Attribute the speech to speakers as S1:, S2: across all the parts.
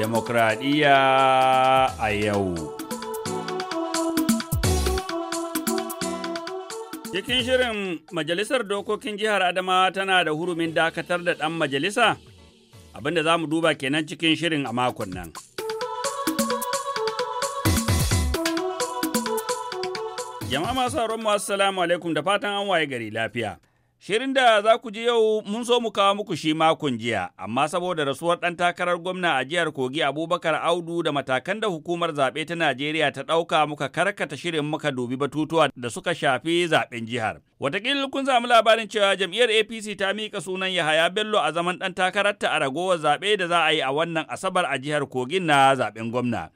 S1: demokradiyya a yau. Cikin shirin Majalisar Dokokin Jihar Adamawa tana da hurumin dakatar da ɗan majalisa? Abinda za mu duba kenan cikin shirin a makon nan. Jama'a masu mu assalamu alaikum da fatan an waye gari lafiya. Shirin da za ku ji yau mun so mu kawo muku shi makon jiya, amma saboda rasuwar ɗan takarar gwamna a jihar Kogi Abubakar Audu da matakan da hukumar zaɓe ta Najeriya ta ɗauka muka karkata shirin muka dubi batutuwa da suka shafi zaɓen jihar. Wataƙila kun samu labarin cewa jam'iyyar APC ta miƙa sunan Yahaya Bello a zaman ɗan takararta a ragowar zaɓe da za a yi a wannan Asabar a jihar Kogin na zaɓen gwamna.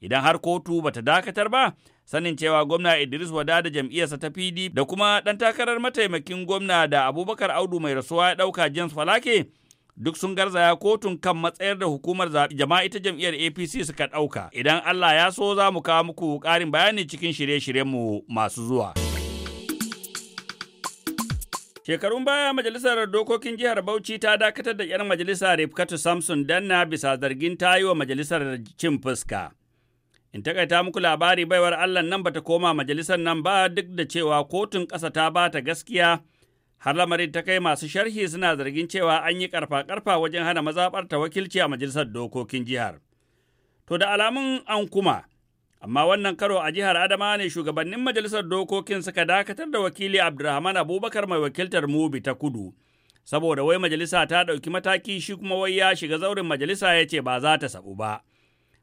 S1: idan har kotu bata dakatar ba sanin cewa gwamna Idris Wada da jam'iyyarsa ta PD da kuma ɗan takarar mataimakin gwamna da Abubakar Audu mai rasuwa ya ɗauka James Falake duk sun garzaya kotun kan matsayar da hukumar zaɓe jama'a ita jam'iyyar APC suka ɗauka. Idan Allah ya so za mu kawo muku ƙarin bayani cikin shirye-shiryenmu masu zuwa. Shekarun baya majalisar dokokin jihar Bauchi ta dakatar da 'yan majalisa Rifkatu Samson Danna bisa zargin ta yi wa majalisar cin fuska. In takaita muku labari baiwar Allah nan bata koma majalisar nan ba duk da cewa kotun ƙasa ta ba ta gaskiya har lamarin ta kai masu sharhi suna zargin cewa an yi karfa-karfa wajen hana mazaɓar ta wakilci a majalisar dokokin jihar. To da alamun an kuma, amma wannan karo a jihar Adama ne shugabannin majalisar dokokin suka dakatar da wakili Abdulrahman Abubakar mai wakiltar Mubi ta kudu. Saboda wai majalisa ta ɗauki mataki shi kuma wai ya shiga zaurin majalisa ya ce ba za ta sabu ba.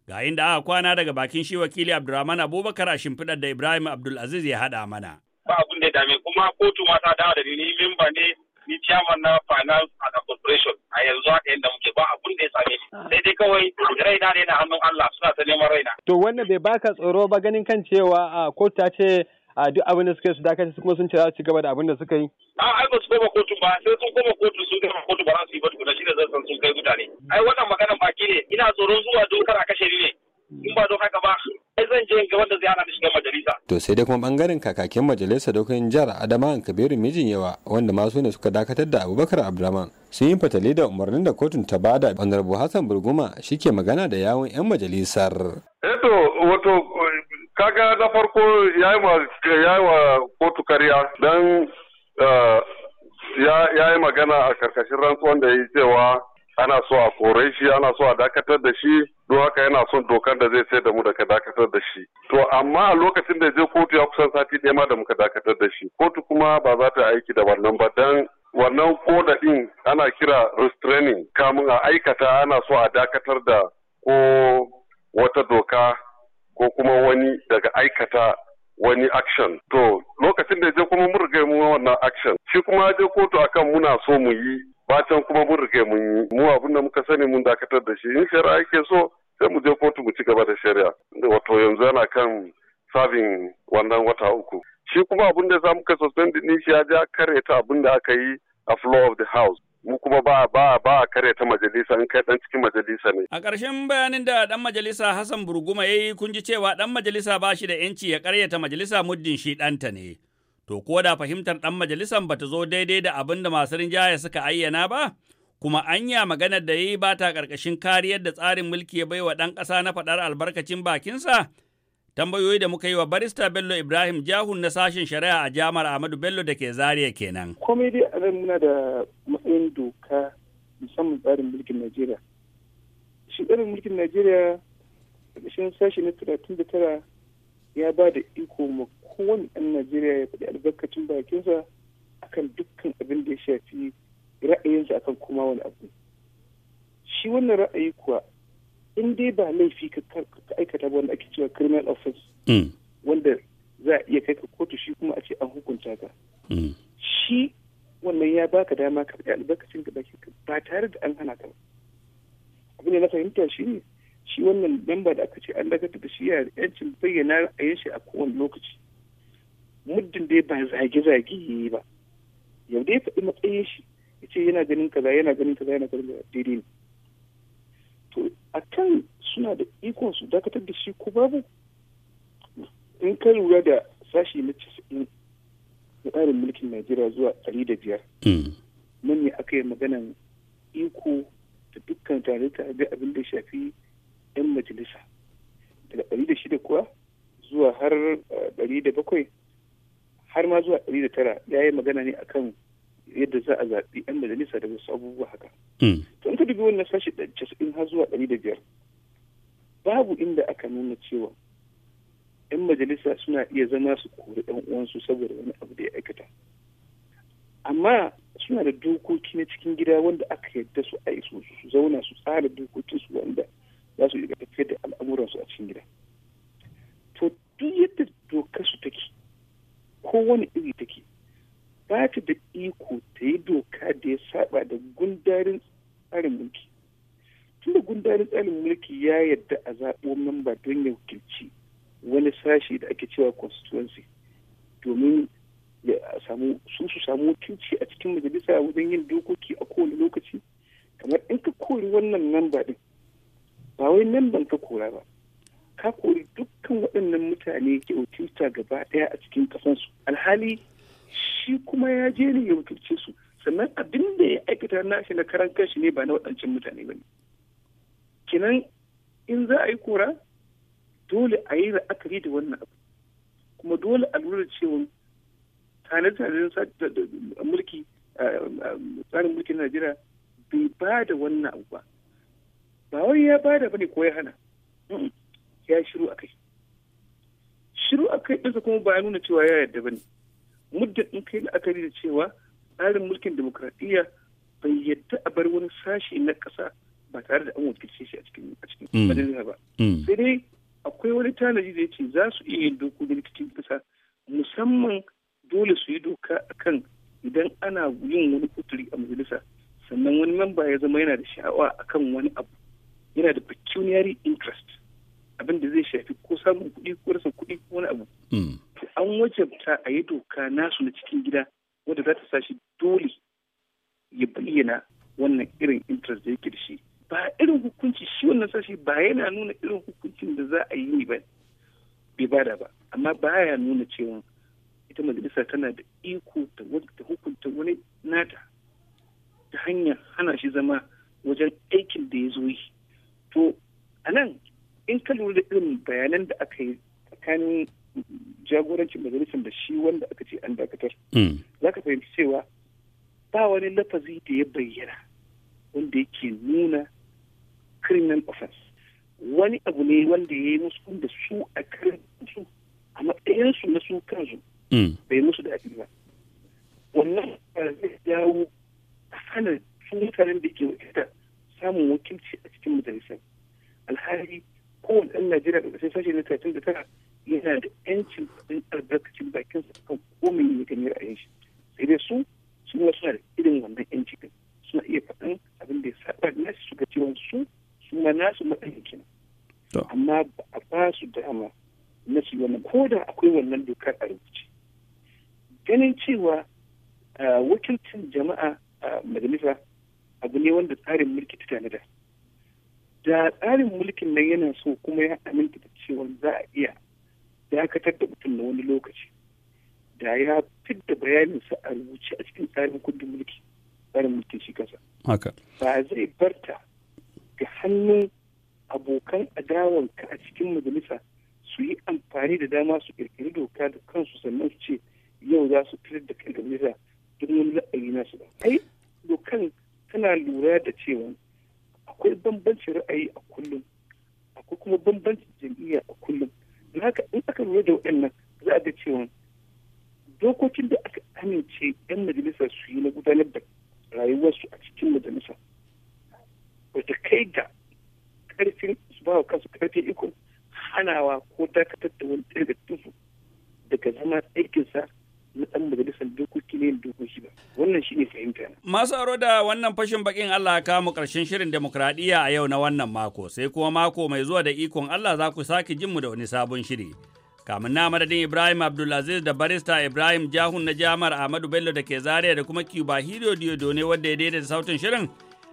S1: Ga inda aka kwana daga bakin shi wakili Abdulrahman Abubakar a shimfiɗar da Ibrahim Abdulaziz ya haɗa mana. Ba
S2: abin da dame kuma kotu ma ta dawo da ni ni memba ne ni chairman na finance and corporation a yanzu haka yadda muke ba abun da ya same ni ah. sai dai kawai raina ne na hannun Allah suna ta neman raina. To wannan bai baka tsoro ba ganin kan cewa a ah, kotu ta ce a duk abin da suka yi su dakata su kuma sun ce za su ci gaba da abin da suka yi. a ai ba su koma kotu ba sai sun koma kotu su koma kotu ba su yi ba tukuna shi ne zan san sun kai mutane ai wannan magana baki ne ina tsoron zuwa dokar a kashe ni ne in ba don haka ba ai zan je ga wanda zai hana ni shiga majalisa.
S1: to sai dai kuma bangaren kakakin majalisa dokokin jihar adama kabiru mijin yawa wanda ma su ne suka dakatar da abubakar abdulrahman sun yi fatali da umarnin da kotun ta bada honorable hassan burguma ke magana da yawun yan majalisar. eto eh, wato kaga na farko ya yi wa kotu karya don eh, ya yi magana a karkashin rantsuwan da ya yi cewa ana so a kore shi ana so a dakatar da shi don haka yana son dokar da zai sai da mu daga dakatar da shi to amma a lokacin da je kotu ya kusan sati ɗaya ma da muka dakatar da shi kotu kuma ba za ta aiki da wannan ba don wannan koda ɗin ana kira restraining kamun a aikata ana so a dakatar da ko wata doka ko kuma wani daga aikata wani action to lokacin da je kuma mun riga mun wannan action shi kuma je kotu akan muna so mu yi bacan kuma mun riga mun yi mu abin da muka sani mun dakatar da shi in shari'a yake so sai mu je kotu mu ci gaba da shari'a wato yanzu yana kan serving wannan wata uku shi kuma abin da za muka suspend din shi ya ja kare ta abin da aka yi a floor of the house mu kuma ba ba ba kare ta majalisa in kai dan cikin majalisa ne a ƙarshen bayanin da dan majalisa Hassan Burguma yayi kun ji cewa dan majalisa ba shi da yanci ya karyata majalisa muddin shi ɗanta ne to ko da fahimtar dan majalisan bata zo daidai da abin da masu rinjaya suka ayyana ba kuma anya maganar da yayi ba ta ƙarƙashin kariyar da tsarin mulki ya baiwa ɗan ƙasa na faɗar albarkacin bakinsa Tambayoyi da muka yi wa barista Bello Ibrahim Jahun na sashen shari'a a jami'ar Ahmadu Bello da ke zariya kenan.
S2: Komai dai a muna da matsayin doka musamman tsarin mulkin Najeriya. Shi tsarin mulkin Najeriya ƙarshen sashi na talatin da tara ya ba da iko ma kowane ɗan Najeriya ya faɗi albarkacin bakinsa akan dukkan abin da ya shafi ra'ayinsa akan kuma wani abu. Shi wannan ra'ayi kuwa in dai ba laifi ka aikata ba wanda ake cewa criminal offense mm. wanda za a iya kai ka kotu shi kuma a ce an hukunta ka mm. shi wannan ya baka dama ka faɗi albarkacin ka baki ba tare da an hana ka ba abin da na fahimta shi ne shi wannan lamba da aka ce an dakatar da shi ya yancin bayyana a yin shi a kowane lokaci muddin dai ba zage-zage ya yi ba yau dai faɗi matsayin shi ya ce yana ganin kaza yana ganin kaza yana ganin daidai ne to a kan suna da ikon su dakatar da shi ko babu in ka lura da sashi na casa'in da tsarin mulkin najeriya zuwa ɗari da biyar hmm. nan ne aka yi maganan iko da dukkan tare tare abin da shafi 'yan majalisa daga ɗari da shida kuwa zuwa har eh, ɗari da bakwai har ma zuwa ɗari da tara ya yi magana ne akan yadda za a zaɓi 'yan majalisa da wasu abubuwa haka hmm. dubi wannan sashi casa'in har zuwa ɗari da biyar babu inda aka nuna cewa 'yan majalisa suna iya zama su kori ɗan uwansu saboda wani abu da ya aikata amma suna da dokoki na cikin gida wanda aka yadda su a iso su zauna su tsara dokokinsu wanda za su iya tafiyar da al'amuransu a cikin gida to duk yadda dokar su take ko wani iri take ba ta da iko ta yi doka da ya saba da gundarin tsarin mulki tunda gundarin tsarin mulki ya yadda a zaɓo memba don ya wakilci wani sashi da ake cewa constituency domin ya samu su su samu wakilci a cikin majalisa wajen yin dokoki a kowane lokaci kamar in ka kori wannan memba din ba wai memban ka kora ba ka kori dukkan waɗannan mutane ke wakilta gaba ɗaya a cikin kasansu alhali shi kuma ya je ne ya wakilce su sannan abin da ya aikata na shi na karan kanshi ne ba na waɗancan mutane ba ne kinan in za a yi kora dole a yi la'akari da wannan abu kuma dole a lura cewa tane mulki tsarin na najeriya bai ba da wannan abu ba ba wai ya ba da bane ko ya hana ya shiru a kai shiru a kai ɗinsa kuma ba ya nuna cewa ya yarda ne muddin in kai la'akari da cewa tsarin mulkin demokradiyya bai yadda a bar wani sashi na ƙasa ba tare da an wakilce shi a cikin mm. majalisa ba mm. sai dai akwai wani tanaji da yace za su iya yin dokokin cikin ƙasa musamman dole su yi doka akan idan ana yin wani kuturi a majalisa sannan wani memba ya zama yana da sha'awa akan wani abu yana da pecuniary interest abin da zai shafi ko samun kuɗi ko rasa kuɗi ko wani abu mm. an wajabta a yi doka nasu na cikin gida wadda za ta sashi dole ya bayyana wannan irin interest da yake da shi ba irin hukunci shi wannan sashi ba yana nuna irin hukuncin da za a yi ne ba bai bada ba amma baya nuna cewa ita majalisa tana da iko ta hukunta wani nata ta hanyar hana shi zama wajen aikin da ya zo yi to a nan in ka lura da irin bayanan da aka yi tsakanin jagorancin majalisar da shi wanda aka ce an dakatar hmm. za ka fahimci cewa ba wani lafazi da ya bayyana wanda yake nuna criminal offense wani abu ne wanda ya yi musu da su a a matsayinsu na su kansu mm. bai musu da abin ba wannan zai dawo a hana su mutanen da ke wakilta samun wakilci a cikin majalisar alhali kowane ɗan najeriya da ƙarshen sashe na da tara yana da yancin ɗin albarkacin bakinsa kan komai ne ga ra'ayin shi sai dai su su ma suna da irin wannan yanci din suna iya faɗin abin da ya saba da su ga cewa su su ma nasu matsayin amma ba a ba su dama na su wannan ko da akwai wannan dokar a rubuce ganin cewa wakilcin jama'a a majalisa abu ne wanda tsarin mulki ta tanada da tsarin mulkin nan yana so kuma ya aminta da cewa za a iya dakatar da mutum na wani lokaci da ya fidda bayaninsa a rubuce a cikin tsarin kundin mulki tsarin mulkin shi kasa ba zai barta ga hannun abokan ka a cikin majalisa su yi amfani da dama su kirkiri doka da kansu sannan su ce yau za su fitar da kan da majalisa don wani ra'ayi nasu ba ai dokan tana lura da cewa akwai bambancin ra'ayi a kullum akwai kuma bambancin jam'iyya a kullum don haka in aka lura da waɗannan za a ga cewa dokokin da aka amince 'yan majalisa su yi na gudanar da rayuwarsu a cikin majalisa wata kai ga karfin su ba wa kansu karfin ikon hanawa ko dakatar da wani ɗaya daga tufu daga zama aikinsa na ɗan majalisar dokoki ne dokoki ba wannan shi ne fahimta na.
S1: masu aro da wannan fashin bakin Allah ka mu karshen shirin demokradiyya a yau na wannan mako sai kuma mako mai zuwa da ikon Allah za ku sake jin mu da wani sabon shiri. kamun na madadin ibrahim abdulaziz da barista ibrahim jahun na jamar ahmadu bello da ke zaria da kuma cuba hero diodo ne wadda ya daidaita sautin shirin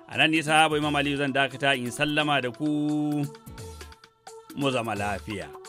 S1: a nan nisa habu imam aliyu zan dakata in sallama da ku mu zama lafiya